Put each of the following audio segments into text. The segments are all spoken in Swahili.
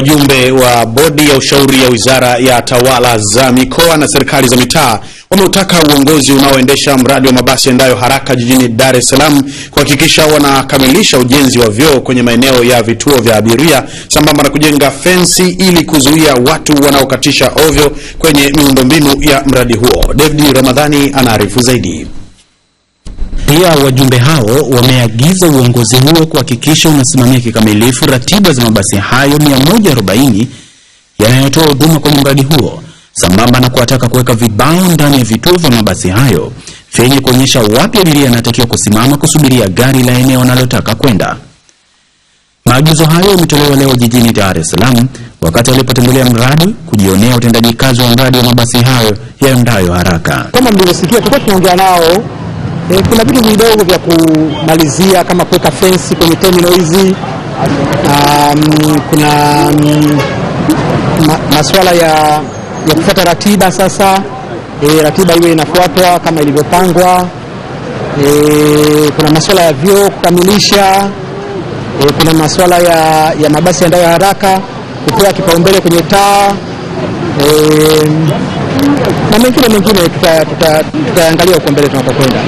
Wajumbe wa bodi ya ushauri ya Wizara ya Tawala za Mikoa na Serikali za Mitaa wameutaka uongozi unaoendesha mradi wa mabasi endayo haraka jijini Dar es Salaam kuhakikisha wanakamilisha ujenzi wa vyoo kwenye maeneo ya vituo vya abiria sambamba na kujenga fensi ili kuzuia watu wanaokatisha ovyo kwenye miundombinu ya mradi huo. David Ramadhani anaarifu zaidi. Pia wajumbe hao wameagiza uongozi huo kuhakikisha unasimamia kikamilifu ratiba za mabasi hayo 140 yanayotoa huduma kwenye mradi huo sambamba na kuwataka kuweka vibao ndani ya vituo vya mabasi hayo vyenye kuonyesha wapi abiria anatakiwa kusimama kusubiria gari la eneo analotaka kwenda. Maagizo hayo yametolewa leo jijini Dar es Salaam wakati walipotembelea mradi kujionea utendaji kazi wa mradi wa mabasi hayo yaendayo haraka. Kama mlivyosikia, tulikuwa tunaongea nao E, kuna vitu vidogo vya kumalizia kama kuweka fensi kwenye terminal hizi. Um, kuna um, ma, masuala ya, ya kufuata ratiba sasa. E, ratiba iwe inafuatwa kama ilivyopangwa. E, kuna masuala ya vyoo kukamilisha. E, kuna masuala ya, ya mabasi yaendayo haraka kupewa kipaumbele kwenye taa e, na mengine mengine tutaangalia tuta, tuta huko mbele tunapokwenda.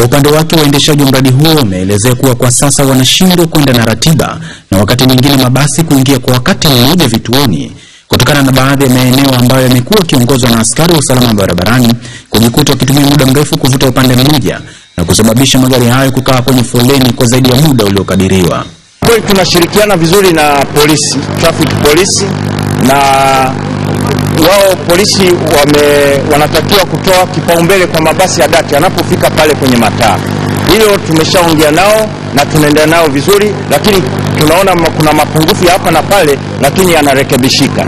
Kwa upande wake, waendeshaji wa mradi huo wameelezea kuwa kwa sasa wanashindwa kwenda na ratiba na wakati mwingine mabasi kuingia kwa wakati mmoja vituoni kutokana na baadhi ya maeneo ambayo yamekuwa yakiongozwa na askari wa usalama barabarani kujikuta wakitumia muda mrefu kuvuta upande mmoja na kusababisha magari hayo kukaa kwenye foleni kwa zaidi ya muda uliokadiriwa. Kweli tunashirikiana vizuri na polisi, traffic polisi na wao polisi wame, wanatakiwa kutoa kipaumbele kwa mabasi ya dati yanapofika pale kwenye mataa. Hilo tumeshaongea nao na tunaendelea nao vizuri, lakini tunaona kuna mapungufu ya hapa na pale, lakini yanarekebishika.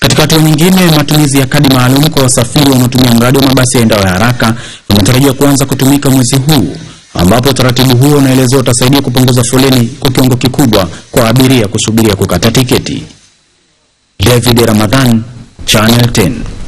Katika hatua nyingine, matumizi ya kadi maalum kwa wasafiri wanaotumia mradi wa mabasi yaendayo ya haraka inatarajiwa kuanza kutumika mwezi huu ambapo utaratibu huo unaelezwa utasaidia kupunguza foleni kwa kiwango kikubwa kwa abiria kusubiria kukata tiketi. David Ramadhan channel ten